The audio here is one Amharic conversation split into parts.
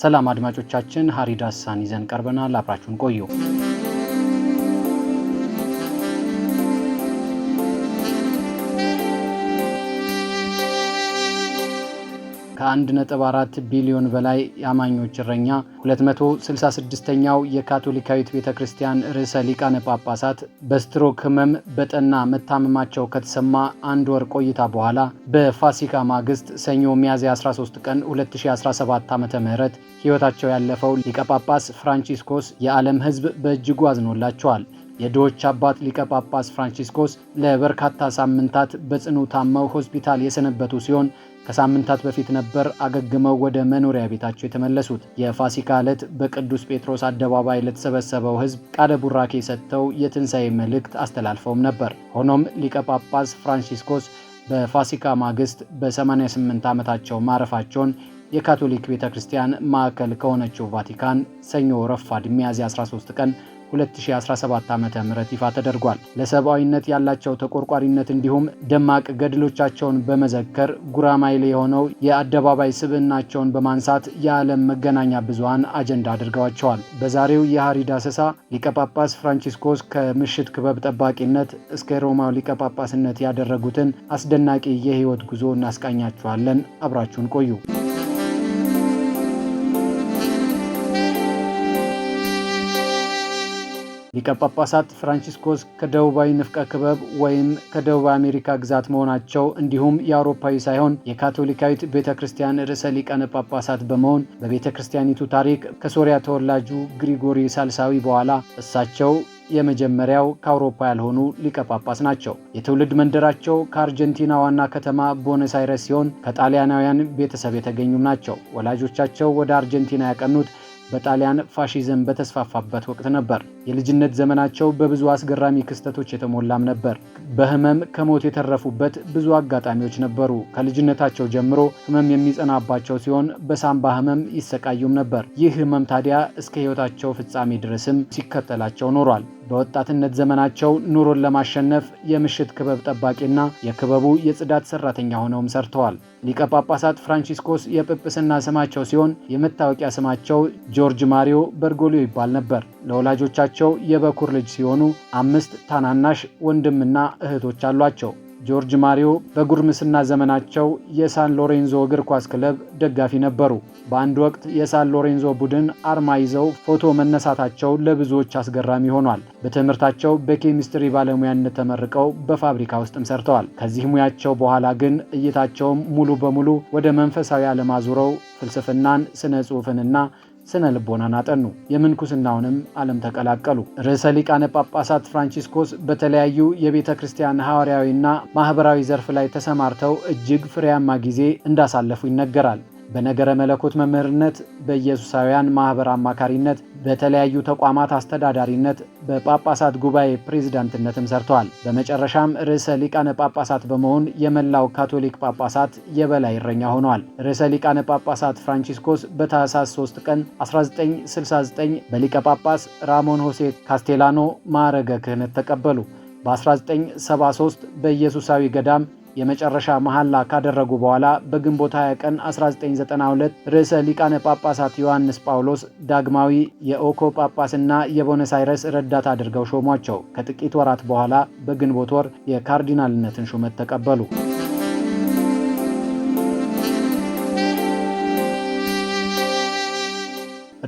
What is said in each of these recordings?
ሰላም አድማጮቻችን፣ ሀሪዳሳን ይዘን ቀርበናል። አብራችሁን ቆዩ። ከ1.4 ቢሊዮን በላይ የአማኞች እረኛ 266ኛው የካቶሊካዊት ቤተ ክርስቲያን ርዕሰ ሊቃነ ጳጳሳት በስትሮክ ህመም በጠና መታመማቸው ከተሰማ አንድ ወር ቆይታ በኋላ በፋሲካ ማግስት ሰኞ ሚያዝያ 13 ቀን 2017 ዓ ም ሕይወታቸው ያለፈው ሊቀ ጳጳስ ፍራንቺስኮስ የዓለም ሕዝብ በእጅጉ አዝኖላቸዋል። የድሆች አባት ሊቀ ጳጳስ ፍራንቺስኮስ ለበርካታ ሳምንታት በጽኑ ታመው ሆስፒታል የሰነበቱ ሲሆን ከሳምንታት በፊት ነበር አገግመው ወደ መኖሪያ ቤታቸው የተመለሱት። የፋሲካ ዕለት በቅዱስ ጴጥሮስ አደባባይ ለተሰበሰበው ሕዝብ ቃለ ቡራኬ ሰጥተው የትንሣኤ መልእክት አስተላልፈውም ነበር። ሆኖም ሊቀ ጳጳስ ፍራንሲስኮስ በፋሲካ ማግስት በ88 ዓመታቸው ማረፋቸውን የካቶሊክ ቤተ ክርስቲያን ማዕከል ከሆነችው ቫቲካን ሰኞ ረፋድ ሚያዝያ 13 ቀን 2017 ዓ ም ይፋ ተደርጓል። ለሰብአዊነት ያላቸው ተቆርቋሪነት እንዲሁም ደማቅ ገድሎቻቸውን በመዘከር ጉራማይሌ የሆነው የአደባባይ ስብዕናቸውን በማንሳት የዓለም መገናኛ ብዙሃን አጀንዳ አድርገዋቸዋል። በዛሬው የሐሪ ዳሰሳ ሊቀጳጳስ ፍራንቺስኮስ ከምሽት ክበብ ጠባቂነት እስከ ሮማው ሊቀጳጳስነት ያደረጉትን አስደናቂ የህይወት ጉዞ እናስቃኛችኋለን። አብራችሁን ቆዩ። ሊቀ ጳጳሳት ፍራንቺስኮስ ከደቡባዊ ንፍቀ ክበብ ወይም ከደቡብ አሜሪካ ግዛት መሆናቸው እንዲሁም የአውሮፓዊ ሳይሆን የካቶሊካዊት ቤተ ክርስቲያን ርዕሰ ሊቀነ ጳጳሳት በመሆን በቤተ ክርስቲያኒቱ ታሪክ ከሶሪያ ተወላጁ ግሪጎሪ ሳልሳዊ በኋላ እሳቸው የመጀመሪያው ከአውሮፓ ያልሆኑ ሊቀ ጳጳስ ናቸው። የትውልድ መንደራቸው ከአርጀንቲና ዋና ከተማ ቦነስ አይረስ ሲሆን ከጣሊያናውያን ቤተሰብ የተገኙም ናቸው። ወላጆቻቸው ወደ አርጀንቲና ያቀኑት በጣሊያን ፋሺዝም በተስፋፋበት ወቅት ነበር። የልጅነት ዘመናቸው በብዙ አስገራሚ ክስተቶች የተሞላም ነበር። በህመም ከሞት የተረፉበት ብዙ አጋጣሚዎች ነበሩ። ከልጅነታቸው ጀምሮ ህመም የሚጸናባቸው ሲሆን በሳምባ ህመም ይሰቃዩም ነበር። ይህ ህመም ታዲያ እስከ ህይወታቸው ፍጻሜ ድረስም ሲከተላቸው ኖሯል። በወጣትነት ዘመናቸው ኑሮን ለማሸነፍ የምሽት ክበብ ጠባቂና የክበቡ የጽዳት ሰራተኛ ሆነውም ሰርተዋል። ሊቀ ጳጳሳት ፍራንቺስኮስ የጵጵስና ስማቸው ሲሆን የመታወቂያ ስማቸው ጆርጅ ማሪዮ በርጎሊዮ ይባል ነበር። ለወላጆቻቸው የበኩር ልጅ ሲሆኑ አምስት ታናናሽ ወንድምና እህቶች አሏቸው። ጆርጅ ማሪዮ በጉርምስና ዘመናቸው የሳን ሎሬንዞ እግር ኳስ ክለብ ደጋፊ ነበሩ። በአንድ ወቅት የሳን ሎሬንዞ ቡድን አርማ ይዘው ፎቶ መነሳታቸው ለብዙዎች አስገራሚ ሆኗል። በትምህርታቸው በኬሚስትሪ ባለሙያነት ተመርቀው በፋብሪካ ውስጥም ሰርተዋል። ከዚህ ሙያቸው በኋላ ግን እይታቸውም ሙሉ በሙሉ ወደ መንፈሳዊ ዓለም አዙረው ፍልስፍናን፣ ስነ ጽሑፍንና ስነ ልቦናን አጠኑ፣ የምንኩስናውንም ዓለም ተቀላቀሉ። ርዕሰ ሊቃነ ጳጳሳት ፍራንቺስኮስ በተለያዩ የቤተ ክርስቲያን ሐዋርያዊና ማኅበራዊ ዘርፍ ላይ ተሰማርተው እጅግ ፍሬያማ ጊዜ እንዳሳለፉ ይነገራል። በነገረ መለኮት መምህርነት፣ በኢየሱሳውያን ማኅበር አማካሪነት፣ በተለያዩ ተቋማት አስተዳዳሪነት፣ በጳጳሳት ጉባኤ ፕሬዝዳንትነትም ሰርተዋል። በመጨረሻም ርዕሰ ሊቃነ ጳጳሳት በመሆን የመላው ካቶሊክ ጳጳሳት የበላይ እረኛ ሆኗል። ርዕሰ ሊቃነ ጳጳሳት ፍራንቺስኮስ በታህሳስ 3 ቀን 1969 በሊቀ ጳጳስ ራሞን ሆሴ ካስቴላኖ ማዕረገ ክህነት ተቀበሉ። በ1973 በኢየሱሳዊ ገዳም የመጨረሻ መሐላ ካደረጉ በኋላ በግንቦት 20 ቀን 1992 ርዕሰ ሊቃነ ጳጳሳት ዮሐንስ ጳውሎስ ዳግማዊ የኦኮ ጳጳስና የቦነስ አይረስ ረዳት አድርገው ሾሟቸው። ከጥቂት ወራት በኋላ በግንቦት ወር የካርዲናልነትን ሹመት ተቀበሉ።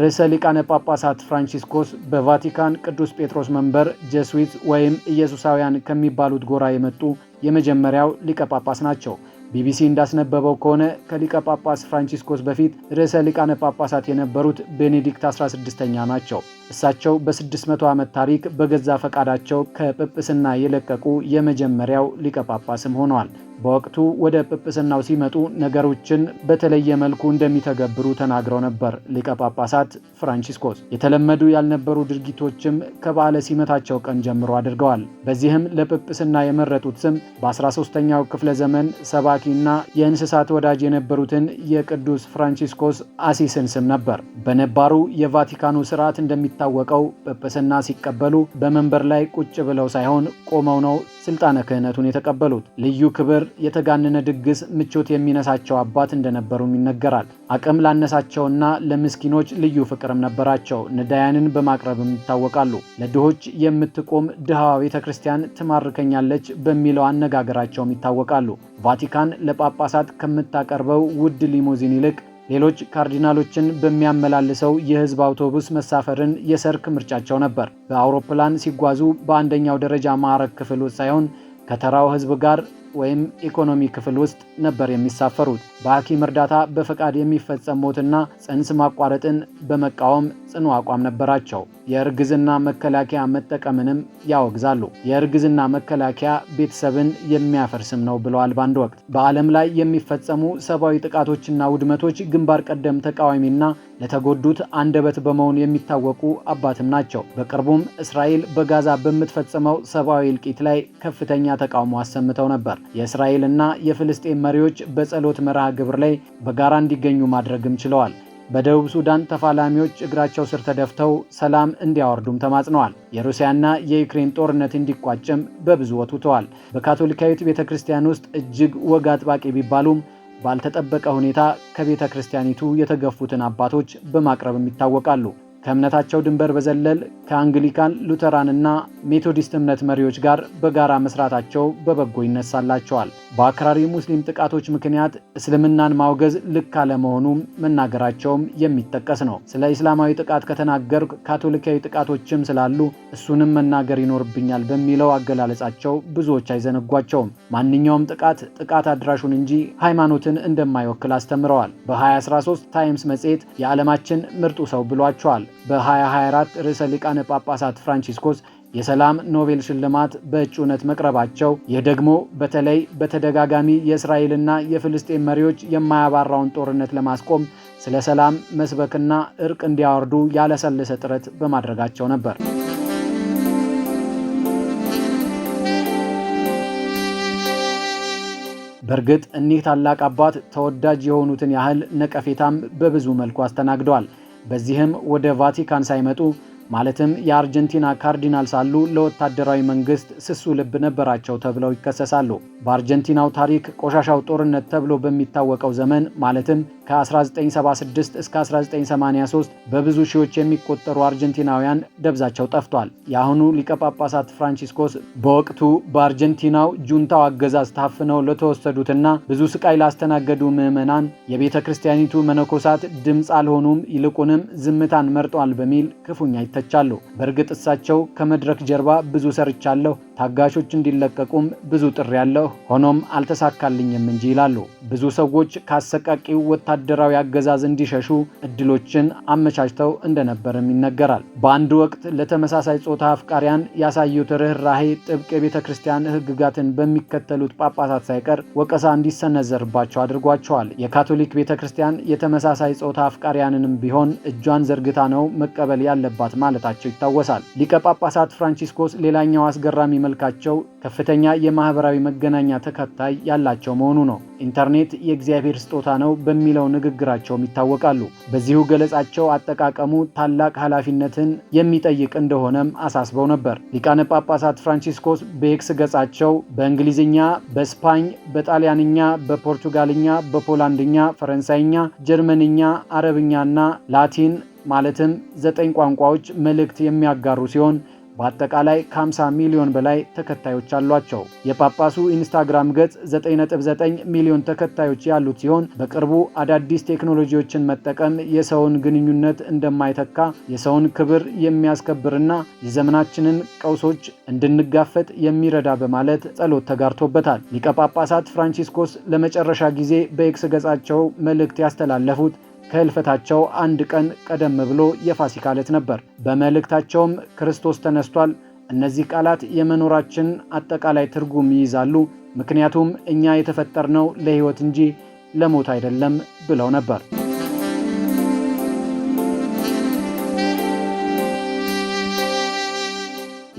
ርዕሰ ሊቃነ ጳጳሳት ፍራንቺስኮስ በቫቲካን ቅዱስ ጴጥሮስ መንበር ጀስዊት ወይም ኢየሱሳውያን ከሚባሉት ጎራ የመጡ የመጀመሪያው ሊቀ ጳጳስ ናቸው። ቢቢሲ እንዳስነበበው ከሆነ ከሊቀ ጳጳስ ፍራንቺስኮስ በፊት ርዕሰ ሊቃነ ጳጳሳት የነበሩት ቤኔዲክት 16ኛ ናቸው። እሳቸው በ600 ዓመት ታሪክ በገዛ ፈቃዳቸው ከጵጵስና የለቀቁ የመጀመሪያው ሊቀ ጳጳስም ሆነዋል። በወቅቱ ወደ ጵጵስናው ሲመጡ ነገሮችን በተለየ መልኩ እንደሚተገብሩ ተናግረው ነበር። ሊቀ ጳጳሳት ፍራንቺስኮስ የተለመዱ ያልነበሩ ድርጊቶችም ከባለ ሲመታቸው ቀን ጀምሮ አድርገዋል። በዚህም ለጵጵስና የመረጡት ስም በ13ኛው ክፍለ ዘመን ሰባኪና የእንስሳት ወዳጅ የነበሩትን የቅዱስ ፍራንቺስኮስ አሲስን ስም ነበር። በነባሩ የቫቲካኑ ስርዓት እንደሚታወቀው ጵጵስና ሲቀበሉ በመንበር ላይ ቁጭ ብለው ሳይሆን ቆመው ነው ስልጣነ ክህነቱን የተቀበሉት ልዩ ክብር የተጋነነ ድግስ ምቾት የሚነሳቸው አባት እንደነበሩም ይነገራል። አቅም ላነሳቸውና ለምስኪኖች ልዩ ፍቅርም ነበራቸው። ነዳያንን በማቅረብም ይታወቃሉ። ለድሆች የምትቆም ድሃዋ ቤተ ክርስቲያን ትማርከኛለች በሚለው አነጋገራቸውም ይታወቃሉ። ቫቲካን ለጳጳሳት ከምታቀርበው ውድ ሊሞዚን ይልቅ ሌሎች ካርዲናሎችን በሚያመላልሰው የህዝብ አውቶቡስ መሳፈርን የሰርክ ምርጫቸው ነበር። በአውሮፕላን ሲጓዙ በአንደኛው ደረጃ ማዕረግ ክፍል ሳይሆን ከተራው ህዝብ ጋር ወይም ኢኮኖሚ ክፍል ውስጥ ነበር የሚሳፈሩት። በሐኪም እርዳታ በፈቃድ የሚፈጸም ሞትና ጽንስ ማቋረጥን በመቃወም ጽኑ አቋም ነበራቸው። የእርግዝና መከላከያ መጠቀምንም ያወግዛሉ። የእርግዝና መከላከያ ቤተሰብን የሚያፈርስም ነው ብለዋል። በአንድ ወቅት በዓለም ላይ የሚፈጸሙ ሰብአዊ ጥቃቶችና ውድመቶች ግንባር ቀደም ተቃዋሚና ለተጎዱት አንደበት በመሆን የሚታወቁ አባትም ናቸው። በቅርቡም እስራኤል በጋዛ በምትፈጽመው ሰብአዊ እልቂት ላይ ከፍተኛ ተቃውሞ አሰምተው ነበር። የእስራኤልና የፍልስጤን መሪዎች በጸሎት መርሃ ግብር ላይ በጋራ እንዲገኙ ማድረግም ችለዋል። በደቡብ ሱዳን ተፋላሚዎች እግራቸው ስር ተደፍተው ሰላም እንዲያወርዱም ተማጽነዋል። የሩሲያና የዩክሬን ጦርነት እንዲቋጭም በብዙ ወትውተዋል። በካቶሊካዊት ቤተ ክርስቲያን ውስጥ እጅግ ወግ አጥባቂ ቢባሉም ባልተጠበቀ ሁኔታ ከቤተ ክርስቲያኒቱ የተገፉትን አባቶች በማቅረብም ይታወቃሉ። ከእምነታቸው ድንበር በዘለል ከአንግሊካን ሉተራንና ሜቶዲስት እምነት መሪዎች ጋር በጋራ መስራታቸው በበጎ ይነሳላቸዋል። በአክራሪ ሙስሊም ጥቃቶች ምክንያት እስልምናን ማውገዝ ልክ አለመሆኑም መናገራቸውም የሚጠቀስ ነው። ስለ ኢስላማዊ ጥቃት ከተናገር ካቶሊካዊ ጥቃቶችም ስላሉ እሱንም መናገር ይኖርብኛል በሚለው አገላለጻቸው ብዙዎች አይዘነጓቸውም። ማንኛውም ጥቃት ጥቃት አድራሹን እንጂ ሃይማኖትን እንደማይወክል አስተምረዋል። በ2013 ታይምስ መጽሔት የዓለማችን ምርጡ ሰው ብሏቸዋል። በ2024 ርዕሰ ሊቃነ ጳጳሳት ፍራንቺስኮስ የሰላም ኖቤል ሽልማት በእጩነት መቅረባቸው ይህ ደግሞ በተለይ በተደጋጋሚ የእስራኤልና የፍልስጤን መሪዎች የማያባራውን ጦርነት ለማስቆም ስለ ሰላም መስበክና እርቅ እንዲያወርዱ ያለሰለሰ ጥረት በማድረጋቸው ነበር። በእርግጥ እኒህ ታላቅ አባት ተወዳጅ የሆኑትን ያህል ነቀፌታም በብዙ መልኩ አስተናግደዋል። በዚህም ወደ ቫቲካን ሳይመጡ ማለትም የአርጀንቲና ካርዲናል ሳሉ ለወታደራዊ መንግስት ስሱ ልብ ነበራቸው ተብለው ይከሰሳሉ። በአርጀንቲናው ታሪክ ቆሻሻው ጦርነት ተብሎ በሚታወቀው ዘመን ማለትም ከ1976 እስከ 1983 በብዙ ሺዎች የሚቆጠሩ አርጀንቲናውያን ደብዛቸው ጠፍቷል። የአሁኑ ሊቀ ጳጳሳት ፍራንቺስኮስ በወቅቱ በአርጀንቲናው ጁንታው አገዛዝ ታፍነው ለተወሰዱትና ብዙ ስቃይ ላስተናገዱ ምዕመናን የቤተ ክርስቲያኒቱ መነኮሳት ድምፅ አልሆኑም፣ ይልቁንም ዝምታን መርጧል በሚል ክፉኛ ይተቻሉ። በእርግጥ እሳቸው ከመድረክ ጀርባ ብዙ ሰርቻለሁ ታጋሾች እንዲለቀቁም ብዙ ጥሪ ያለሁ ሆኖም አልተሳካልኝም እንጂ ይላሉ። ብዙ ሰዎች ከአሰቃቂው ወታደራዊ አገዛዝ እንዲሸሹ እድሎችን አመቻችተው እንደነበርም ይነገራል። በአንድ ወቅት ለተመሳሳይ ጾታ አፍቃሪያን ያሳዩት ርኅራሄ ጥብቅ የቤተ ክርስቲያን ሕግጋትን በሚከተሉት ጳጳሳት ሳይቀር ወቀሳ እንዲሰነዘርባቸው አድርጓቸዋል። የካቶሊክ ቤተ ክርስቲያን የተመሳሳይ ጾታ አፍቃሪያንንም ቢሆን እጇን ዘርግታ ነው መቀበል ያለባት ማለታቸው ይታወሳል። ሊቀ ጳጳሳት ፍራንቺስኮስ ሌላኛው አስገራሚ መልካቸው ከፍተኛ የማህበራዊ መገናኛ ተከታይ ያላቸው መሆኑ ነው። ኢንተርኔት የእግዚአብሔር ስጦታ ነው በሚለው ንግግራቸውም ይታወቃሉ። በዚሁ ገለጻቸው አጠቃቀሙ ታላቅ ኃላፊነትን የሚጠይቅ እንደሆነም አሳስበው ነበር። ሊቃነ ጳጳሳት ፍራንቺስኮስ በኤክስ ገጻቸው በእንግሊዝኛ፣ በስፓኝ፣ በጣሊያንኛ፣ በፖርቱጋልኛ፣ በፖላንድኛ፣ ፈረንሳይኛ፣ ጀርመንኛ፣ አረብኛና ላቲን ማለትም ዘጠኝ ቋንቋዎች መልእክት የሚያጋሩ ሲሆን በአጠቃላይ ከ50 ሚሊዮን በላይ ተከታዮች አሏቸው። የጳጳሱ ኢንስታግራም ገጽ 9.9 ሚሊዮን ተከታዮች ያሉት ሲሆን በቅርቡ አዳዲስ ቴክኖሎጂዎችን መጠቀም የሰውን ግንኙነት እንደማይተካ የሰውን ክብር የሚያስከብርና የዘመናችንን ቀውሶች እንድንጋፈጥ የሚረዳ በማለት ጸሎት ተጋርቶበታል። ሊቀ ጳጳሳት ፍራንቺስኮስ ለመጨረሻ ጊዜ በኤክስ ገጻቸው መልእክት ያስተላለፉት ከህልፈታቸው አንድ ቀን ቀደም ብሎ የፋሲካ ዕለት ነበር። በመልእክታቸውም ክርስቶስ ተነስቷል። እነዚህ ቃላት የመኖራችን አጠቃላይ ትርጉም ይይዛሉ፣ ምክንያቱም እኛ የተፈጠርነው ለሕይወት እንጂ ለሞት አይደለም ብለው ነበር።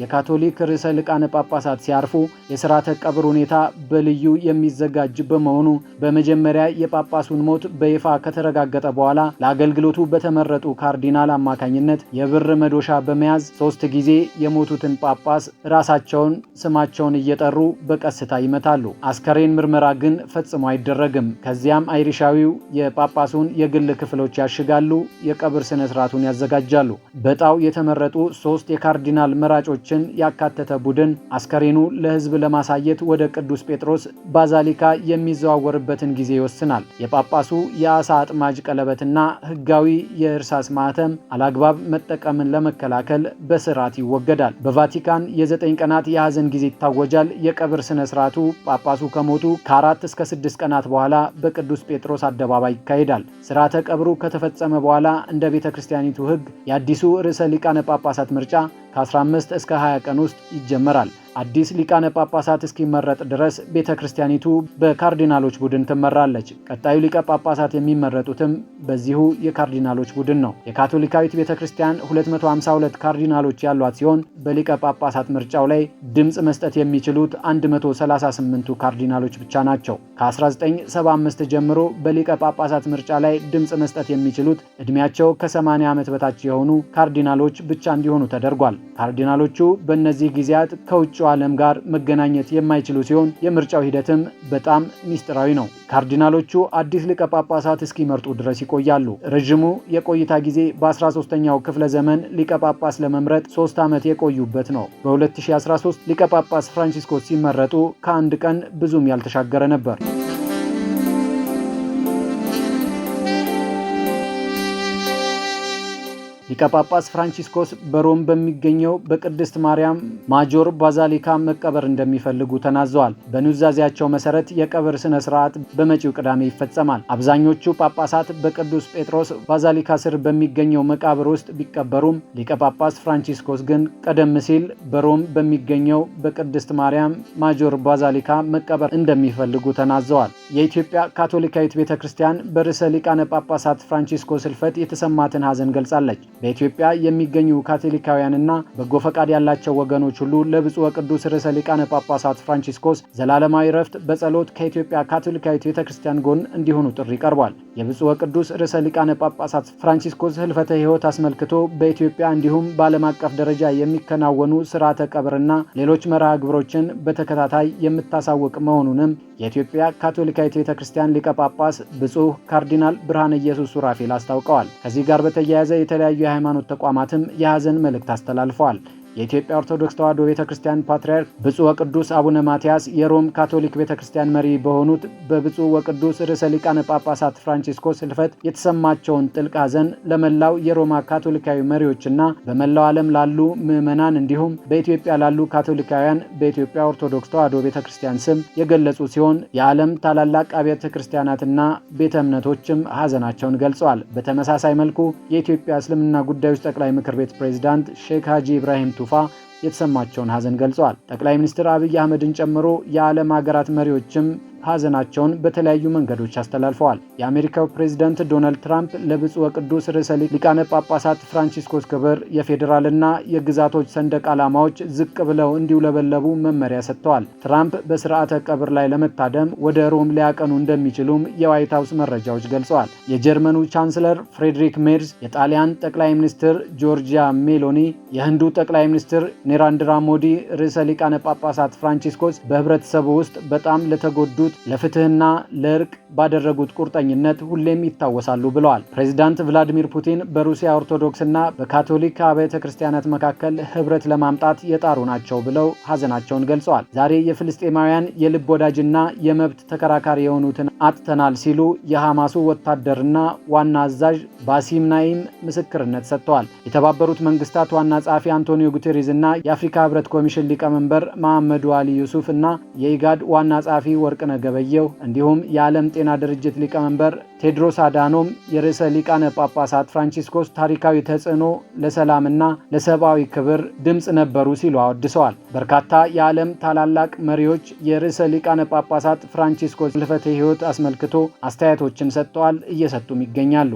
የካቶሊክ ርዕሰ ሊቃነ ጳጳሳት ሲያርፉ የሥርዓተ ቀብር ሁኔታ በልዩ የሚዘጋጅ በመሆኑ በመጀመሪያ የጳጳሱን ሞት በይፋ ከተረጋገጠ በኋላ ለአገልግሎቱ በተመረጡ ካርዲናል አማካኝነት የብር መዶሻ በመያዝ ሦስት ጊዜ የሞቱትን ጳጳስ ራሳቸውን ስማቸውን እየጠሩ በቀስታ ይመታሉ። አስከሬን ምርመራ ግን ፈጽሞ አይደረግም። ከዚያም አይሪሻዊው የጳጳሱን የግል ክፍሎች ያሽጋሉ፣ የቀብር ስነ ያዘጋጃሉ። በጣው የተመረጡ ሦስት የካርዲናል መራጮች ሰዎችን ያካተተ ቡድን አስከሬኑ ለሕዝብ ለማሳየት ወደ ቅዱስ ጴጥሮስ ባዛሊካ የሚዘዋወርበትን ጊዜ ይወስናል። የጳጳሱ የአሳ አጥማጅ ቀለበትና ሕጋዊ የእርሳስ ማህተም አላግባብ መጠቀምን ለመከላከል በስርዓት ይወገዳል። በቫቲካን የዘጠኝ ቀናት የሐዘን ጊዜ ይታወጃል። የቀብር ስነ ስርዓቱ ጳጳሱ ከሞቱ ከአራት እስከ ስድስት ቀናት በኋላ በቅዱስ ጴጥሮስ አደባባይ ይካሄዳል። ስርዓተ ቀብሩ ከተፈጸመ በኋላ እንደ ቤተ ክርስቲያኒቱ ሕግ የአዲሱ ርዕሰ ሊቃነ ጳጳሳት ምርጫ ከ15 እስከ 20 ቀን ውስጥ ይጀመራል። አዲስ ሊቃነ ጳጳሳት እስኪመረጥ ድረስ ቤተ ክርስቲያኒቱ በካርዲናሎች ቡድን ትመራለች። ቀጣዩ ሊቀ ጳጳሳት የሚመረጡትም በዚሁ የካርዲናሎች ቡድን ነው። የካቶሊካዊት ቤተ ክርስቲያን 252 ካርዲናሎች ያሏት ሲሆን በሊቀ ጳጳሳት ምርጫው ላይ ድምፅ መስጠት የሚችሉት 138ቱ ካርዲናሎች ብቻ ናቸው። ከ1975 ጀምሮ በሊቀ ጳጳሳት ምርጫ ላይ ድምፅ መስጠት የሚችሉት ዕድሜያቸው ከ80 ዓመት በታች የሆኑ ካርዲናሎች ብቻ እንዲሆኑ ተደርጓል። ካርዲናሎቹ በእነዚህ ጊዜያት ከውጭ ዓለም ጋር መገናኘት የማይችሉ ሲሆን የምርጫው ሂደትም በጣም ሚስጥራዊ ነው። ካርዲናሎቹ አዲስ ሊቀ ጳጳሳት እስኪመርጡ ድረስ ይቆያሉ። ረዥሙ የቆይታ ጊዜ በ13ኛው ክፍለ ዘመን ሊቀ ጳጳስ ለመምረጥ ሶስት ዓመት የቆዩበት ነው። በ2013 ሊቀ ጳጳስ ፍራንቺስኮስ ሲመረጡ ከአንድ ቀን ብዙም ያልተሻገረ ነበር። ሊቀ ጳጳስ ፍራንቺስኮስ በሮም በሚገኘው በቅድስት ማርያም ማጆር ባዛሊካ መቀበር እንደሚፈልጉ ተናዘዋል። በኑዛዜያቸው መሰረት የቀብር ስነ ስርዓት በመጪው ቅዳሜ ይፈጸማል። አብዛኞቹ ጳጳሳት በቅዱስ ጴጥሮስ ባዛሊካ ስር በሚገኘው መቃብር ውስጥ ቢቀበሩም ሊቀ ጳጳስ ፍራንቺስኮስ ግን ቀደም ሲል በሮም በሚገኘው በቅድስት ማርያም ማጆር ባዛሊካ መቀበር እንደሚፈልጉ ተናዘዋል። የኢትዮጵያ ካቶሊካዊት ቤተ ክርስቲያን በርዕሰ ሊቃነ ጳጳሳት ፍራንቺስኮስ ህልፈት የተሰማትን ሐዘን ገልጻለች። በኢትዮጵያ የሚገኙ ካቶሊካውያንና በጎ ፈቃድ ያላቸው ወገኖች ሁሉ ለብፁዕ ወቅዱስ ርዕሰ ሊቃነ ጳጳሳት ፍራንቺስኮስ ዘላለማዊ ረፍት በጸሎት ከኢትዮጵያ ካቶሊካዊት ቤተ ክርስቲያን ጎን እንዲሆኑ ጥሪ ቀርቧል። የብፁዕ ወቅዱስ ርዕሰ ሊቃነ ጳጳሳት ፍራንቺስኮስ ህልፈተ ሕይወት አስመልክቶ በኢትዮጵያ እንዲሁም በዓለም አቀፍ ደረጃ የሚከናወኑ ስርዓተ ቀብርና ሌሎች መርሃ ግብሮችን በተከታታይ የምታሳውቅ መሆኑንም የኢትዮጵያ ካቶሊካዊት ቤተ ክርስቲያን ሊቀ ጳጳስ ብፁዕ ካርዲናል ብርሃነ ኢየሱስ ሱራፌል አስታውቀዋል። ከዚህ ጋር በተያያዘ የተለያዩ የሃይማኖት ተቋማትም የሐዘን መልእክት አስተላልፈዋል። የኢትዮጵያ ኦርቶዶክስ ተዋሕዶ ቤተ ክርስቲያን ፓትርያርክ ብፁዕ ወቅዱስ አቡነ ማትያስ የሮም ካቶሊክ ቤተ ክርስቲያን መሪ በሆኑት በብፁዕ ወቅዱስ ርዕሰ ሊቃነ ጳጳሳት ፍራንቺስኮስ ህልፈት የተሰማቸውን ጥልቅ ሐዘን ለመላው የሮማ ካቶሊካዊ መሪዎችና በመላው ዓለም ላሉ ምዕመናን እንዲሁም በኢትዮጵያ ላሉ ካቶሊካውያን በኢትዮጵያ ኦርቶዶክስ ተዋሕዶ ቤተ ክርስቲያን ስም የገለጹ ሲሆን የዓለም ታላላቅ አብያተ ክርስቲያናትና ቤተ እምነቶችም ሐዘናቸውን ገልጸዋል። በተመሳሳይ መልኩ የኢትዮጵያ እስልምና ጉዳዮች ጠቅላይ ምክር ቤት ፕሬዝዳንት ሼክ ሀጂ ኢብራሂም ቱ ይፋ የተሰማቸውን ሐዘን ገልጸዋል። ጠቅላይ ሚኒስትር አብይ አህመድን ጨምሮ የዓለም ሀገራት መሪዎችም ሀዘናቸውን በተለያዩ መንገዶች አስተላልፈዋል። የአሜሪካው ፕሬዝዳንት ዶናልድ ትራምፕ ለብፁዕ ወቅዱስ ርዕሰ ሊቃነ ጳጳሳት ፍራንቺስኮስ ክብር የፌዴራልና የግዛቶች ሰንደቅ ዓላማዎች ዝቅ ብለው እንዲውለበለቡ መመሪያ ሰጥተዋል። ትራምፕ በስርዓተ ቀብር ላይ ለመታደም ወደ ሮም ሊያቀኑ እንደሚችሉም የዋይት ሀውስ መረጃዎች ገልጸዋል። የጀርመኑ ቻንስለር ፍሬድሪክ ሜርስ፣ የጣሊያን ጠቅላይ ሚኒስትር ጆርጂያ ሜሎኒ፣ የህንዱ ጠቅላይ ሚኒስትር ኔራንድራ ሞዲ ርዕሰ ሊቃነ ጳጳሳት ፍራንቺስኮስ በህብረተሰቡ ውስጥ በጣም ለተጎዱ ላሳዩት ለፍትህና ለእርቅ ባደረጉት ቁርጠኝነት ሁሌም ይታወሳሉ ብለዋል። ፕሬዚዳንት ቭላዲሚር ፑቲን በሩሲያ ኦርቶዶክስና በካቶሊክ አብያተ ክርስቲያናት መካከል ህብረት ለማምጣት የጣሩ ናቸው ብለው ሀዘናቸውን ገልጸዋል። ዛሬ የፍልስጤማውያን የልብ ወዳጅና የመብት ተከራካሪ የሆኑትን አጥተናል ሲሉ የሐማሱ ወታደርና ዋና አዛዥ ባሲም ናይም ምስክርነት ሰጥተዋል። የተባበሩት መንግስታት ዋና ጸሐፊ አንቶኒዮ ጉቴሬዝ እና የአፍሪካ ህብረት ኮሚሽን ሊቀመንበር መሐመዱ አሊ ዩሱፍ እና የኢጋድ ዋና ጸሐፊ ወርቅነ ገበየው እንዲሁም የዓለም ጤና ድርጅት ሊቀመንበር ቴድሮስ አዳኖም የርዕሰ ሊቃነ ጳጳሳት ፍራንቺስኮስ ታሪካዊ ተጽዕኖ ለሰላምና ለሰብአዊ ክብር ድምፅ ነበሩ ሲሉ አወድሰዋል። በርካታ የዓለም ታላላቅ መሪዎች የርዕሰ ሊቃነ ጳጳሳት ፍራንቺስኮስ ሕልፈተ ሕይወት አስመልክቶ አስተያየቶችን ሰጥተዋል፣ እየሰጡም ይገኛሉ።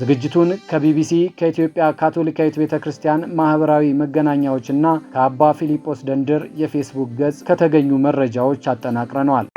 ዝግጅቱን ከቢቢሲ ከኢትዮጵያ ካቶሊካዊት ቤተ ክርስቲያን ማኅበራዊ መገናኛዎችና ከአባ ፊሊጶስ ደንድር የፌስቡክ ገጽ ከተገኙ መረጃዎች አጠናቅረነዋል።